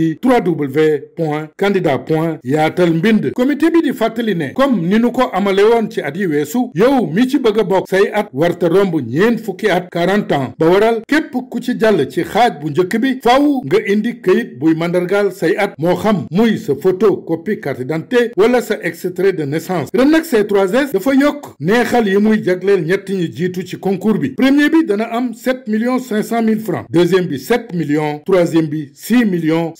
di 3w point candidat yaatal mbind comité bi di fàttali ne comme ni nu ko amale woon ci at yi weesu yow mi ci bëgg a bokk say at warta romb ñeen fukki at 40 ans ba waral képp ku ci jàll ci xaaj bu njëkk bi faaw nga indi këyit buy mandargaal say at moo xam muy sa photo copie carte d'identité wala sa extrait de naissance ren nag c 3 dafa yokk neexal yi muy jagleel ñetti ñi jiitu ci concours bi premier bi dana am 7 millions 500 mille francs deuxième bi 7 millions troisième bi 6 millions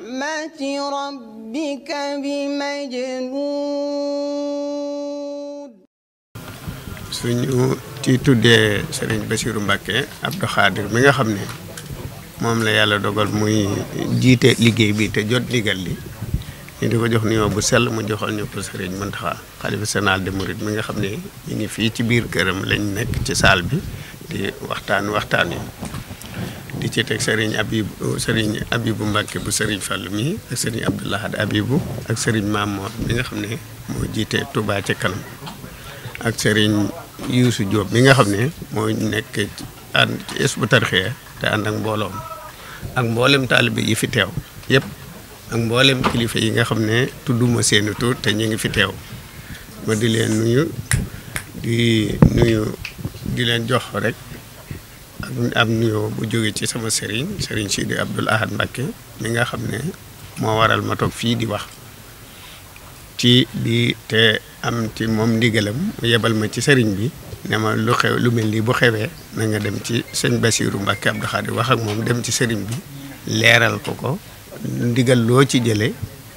نعمة ربك suñu ci tuddee Serigne Bassirou Mbacké Abdou Khadir mi nga xam ne moom la yàlla dogal muy jiite liggéey bi te jot ndigal li ñu di ko jox nuyoo bu sell mu joxal ñëpp ko Serigne Mountakha xalifa général des mourides mi nga xam ne ñu ngi fii ci biir këram lañ nekk ci saal bi di waxtaan waxtaan yi di ci teg sëriñ Abibou Serigne Abibou Mbacke bu Serigne Fall mi ak Serigne Abdoul Ahad ak sëriñ Mamour mi nga xam ne moo jiite Touba ca kanam ak Serigne Youssou Diop mi nga xam ne moo nekk ànd ci Hizbut Tarqiyyah te ànd ak mbooloom ak mboolem taalibe yi fi teew yëpp ak mboolem kilifa yi nga xam ne tudduma seeni tur te ñu ngi fi teew ma di leen nuyu di di leen jox rek. am nuyoo bu jóge ci sama sëriñ sëriñ Sidi Abdoul Ahad Mbacké mi nga xam ne moo waral ma toog fii di wax ci di te am ci moom ndigalam mu yebal ma ci sëriñ bi ne ma lu xew lu mel nii bu xewee na dem ci sëñ Bassirou Mbacké Abdou Khadir wax moom dem ci sëriñ bi leeral ko ko ndigal loo ci jële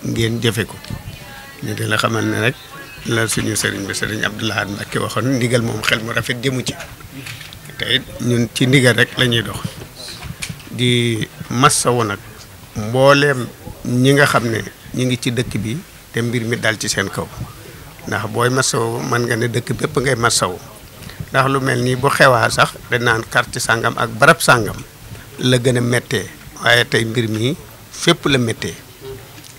ngeen jëfe ko ñu di la xamal ne rek la suñu sëriñ bi sëriñ Abdoul Ahad Mbacké waxoon ndigal moom xel mu rafet jëmu ci te ñun ci ndigal rek lañuy dox di massawu nag mbooleem ñi nga xam ne ñi ngi ci dëkk bi te mbir mi dal ci seen kaw ndax booy massawu man nga ne dëkk bépp ngay massawu ndax lu mel nii bu xewaa sax dañ naan quartier sàngam ak barab sàngam la gën a méttee waaye tey mbir mi fépp la méttee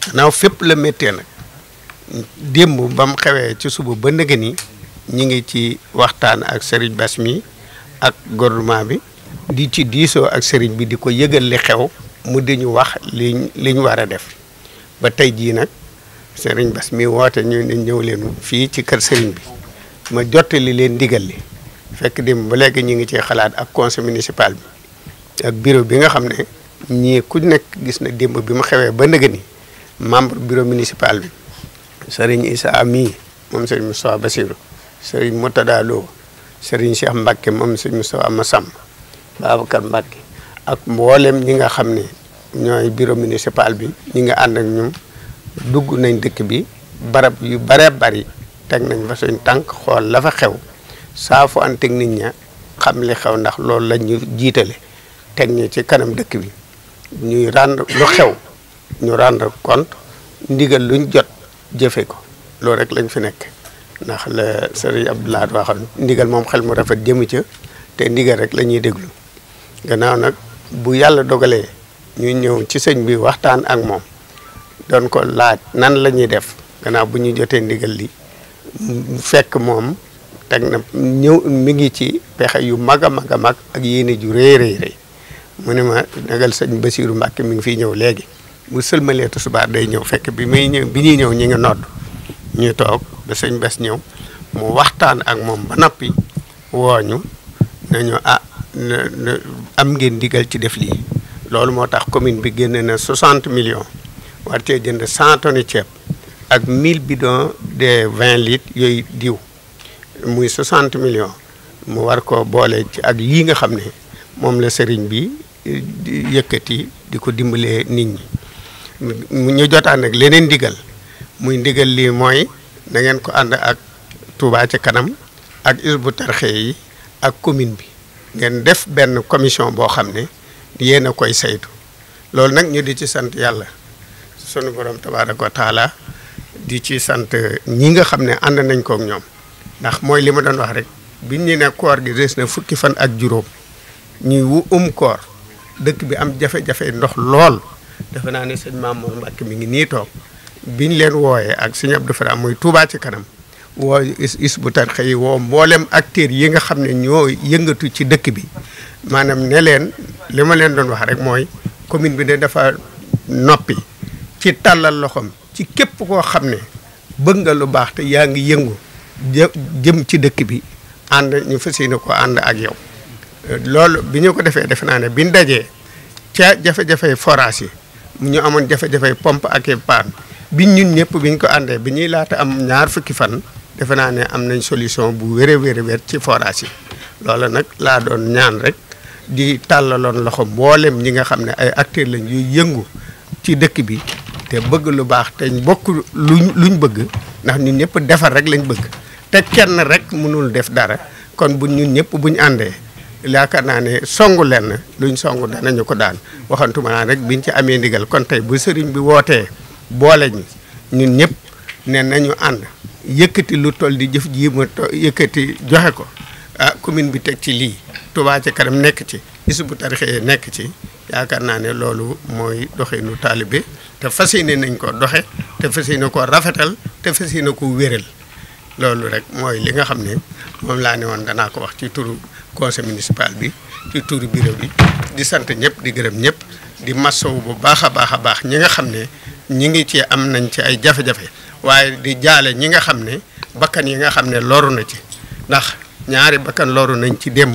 gannaaw fépp la méttee nag démb ba xewee ci suba ba nëgë ni ñu ngi ci waxtaan ak Serigne Bass mi ak gouvernement bi di ci diisoo ak sëriñ bi di ko yëgal li xew mu di ñu wax liñ liñ war a def ba tey jii nag sëriñ Bass mi woote ñu ne ñëw leen fii ci kër sëriñ bi ma jottali leen ndigal li fekk dem ba léegi ñu ngi ci xalaat ak conseil municipal bi ak bureau bi nga xam ne ñii ku nekk gis na démb bi mu xewee ba ndëgë ni membre bureau municipal bi sëriñ Issa mii moom sëriñ Moussa Bassirou sëriñ Moutada Lo sëriñ am Mbacke moom am Moustapha Massam Babacar Mbacke ak mboolem ñi nga xam ne ñooy bureau municipal bi ñi nga ànd ak ñoom dugg nañ dëkk bi barab yu bare bari teg nañ fa suñ tànk xool la fa xew saafu anteeg nit ña xam li xew ndax loolu la ñu jiitale teg ñu ci kanam dëkk bi ñuy rend lu xew ñu rend compte ndigal luñ jot jëfe ko loolu rek lañ fi nekk ndax la sëriñ Abdoulaye waxoon ndigal moom xel mu rafet jëmu ca te ndigal rek la ñuy déglu gannaaw nag bu yàlla dogalee ñuy ñëw ci sëñ bi waxtaan ak moom doon ko laaj nan la ñuy def gannaaw bu ñu jotee ndigal li fekk moom teg na ñëw mi ngi ci pexe yu mag a mag a mag ak yéene ju rëy rëy rëy mu ne ma nagal sëñ Basiiru Mbàkke mi ngi fiy ñëw léegi bu sëlmalee tusubaar day ñëw fekk bi muy ñëw bi ñuy ñëw ñi ngi nodd ñu toog ba sëñ ñëw mu waxtaan ak moom ba noppi wooñu nañu ah am ngeen digal ci def lii loolu moo tax commune bi génne na 60 million war cee jënd 100 tonnes ceeb ak mille bi bidons de vingt litres yooyu diw muy 60 million mu war ko boolee ci ak yii nga xam ne moom la sëriñ bi eh, yëkkati di ko dimbalee nit ñi ñu jotaan nag leneen digal muy ndigal lii mooy na ngeen ko ànd ak Touba ci kanam ak isbu tarxe yi ak commune bi ngeen def benn commission boo xam ne yéen a koy saytu loolu nag ñu di ci sant yàlla sunu borom tabaaraka wa di ci sant ñi nga xam ne ànd nañ kook ñoom ndax mooy li ma doon wax rek biñ ñu ne koor gi des na fukki fan ak juróom ñuy wu um koor dëkk bi am jafe-jafe ndox lool defe naa ne sëñ Mamour Mbacke mi ngi nii toog biñ leen wooyee ak sëñ Abdou Fara muy Touba ci kanam woo Hizbut bu yi woo mboolem acteurs yi nga xam ne ñoo yëngatu ci dëkk bi maanaam ne leen li ma leen doon wax rek mooy commune bi de dafa noppi ci tàllal loxom ci képp koo xam ne bëgg nga lu baax te yaa ngi yëngu jëm ci dëkk bi ànd ñu fas yéene ko ànd ak yow loolu bi ñu ko defee defe naa ne biñ dajee ca jafe-jafey forage yi ñu amoon jafe-jafey pomp ak i paan biñ ñun ñëpp biñ ko àndee bi ñuy laata am ñaar fukki fan defe naa ne am nañ solution bu wér a wér ci forage yi loola nag laa doon ñaan rek di tàllaloon loxo mboolem ñi nga xam ne ay acteurs lañ yuy yëngu ci dëkk bi te bëgg lu baax te bokk luñ luñ bëgg ndax ñun ñëpp defar rek lañ bëgg te kenn rek mënul def dara kon bu ñun ñëpp buñ àndee yaakaar naa ne songu lenn luñ songu ñu ko daan waxantuma naa rek bi ñu ci amee ndigal kon tey bu sëriñ bi wootee boole ñu ñun ñëpp ne nañu ànd yëkkati lu toll di jëf ji ma yëkkati joxe ko ah commune bi teg ci lii Touba ci kanam nekk ci Hizbut Tarqiyyah nekk ci yaakaar naa ne loolu mooy doxe doxinu taalibe te fas yéene nañ ko doxe te fas yéene ko rafetal te fas yéene ko wéral loolu rek mooy li nga xam ne moom laa ne woon danaa ko wax ci turu conseil municipal bi ci turu bureau bi di sant ñëpp di gërëm ñëpp di masawu bu baax a baax a baax ñi nga xam ne ñi ngi ci am nañ ci ay jafe-jafe waaye di jaale ñi nga xam ne bakkan yi nga xam ne looru na ci ndax ñaari bakkan looru nañ ci démb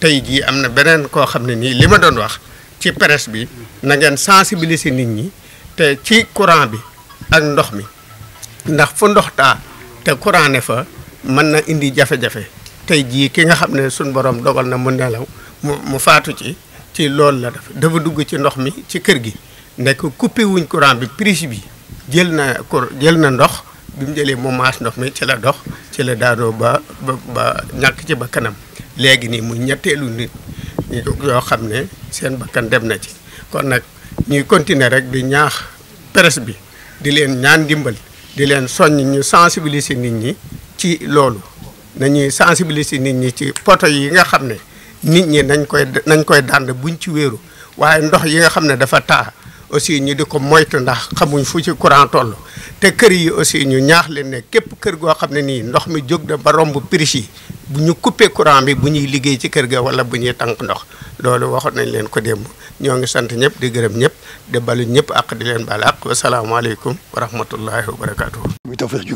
tey jii am na beneen koo xam ne nii li ma doon wax ci presse bi na ngeen nit ñi te ci courant bi ak ndox mi ndax fu ndox taa te courant ne fa mën na indi jafe-jafe tey jii ki nga xam ne suñ borom dogal na mu nelaw mu mu faatu ci ci loolu la def dafa dugg ci ndox mi ci kër gi nekk coupé wuñ courant bi prise bi jël na kur jël na ndox bi mu jëlee mu maas ndox mi ci la dox ci la daanoo ba ba ñàkk ci ba kanam léegi nii mu ñetteelu nit yoo xam ne seen bakkan dem na ci kon nag ñuy continuer rek di ñaax presse bi di leen ñaan ndimbal di leen soññ ñu sensibiliser nit ñi ci loolu nañuy sensibiliser nit ñi ci poto yi nga xam ne nit ñi nañ koy nañ koy dànd buñ ci wéeru waaye ndox yi nga xam ne dafa taa aussi ñu di ko moytu ndax xamuñ fu ci courant toll te kër yi aussi ñu ñaax leen ne képp kër goo xam ne nii ndox mi jóg na ba romb prise yi bu ñu kuppee courant bi bu ñuy liggéey ci kër ga wala bu ñuy tànk ndox loolu waxoon nañ leen ko démb ñoo ngi sant ñëpp di gërëm ñëpp di balu ñëpp ak di leen baal ak wasalaamaaleykum wa rahmatullahi wa muy tawfeex ju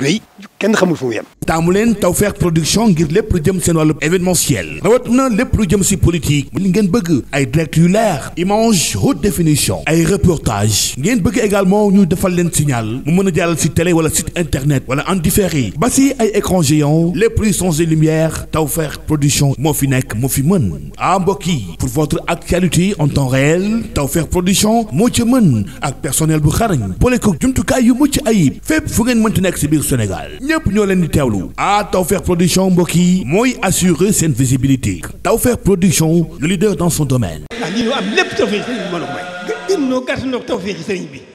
kenn xamul fu mu yem. taamu leen Tawfekh Production ngir lépp lu jëm seen wàllu événementiel rawat na lépp lu jëm si politique mu li ngeen bëgg ay direct yu leer image haute definition ay reportage ngeen bëgg également ñu defal leen signal mu mën a jàllal si télé wala site internet wala en différé ba si ay écran géant lépp luy changé lumière Tawfekh Production moo fi nekk moo fi mën ah, mbokk yi pour votre actualité en temps réel Subatel Tawfekh production moo ci mën ak personnel bu xarañ boole ko jumtukaay yu mucc ayib fépp fu ngeen mënti nekk si biir Sénégal ñépp ñoo leen di teewlu ah Tawfekh production mbokk yi mooy assurer seen visibilité Tawfekh production le leader dans son domaine. ah lii am lépp Tawfekh sëriñ bi mën a may. gën noo gàtt noo Tawfekh sëriñ bi.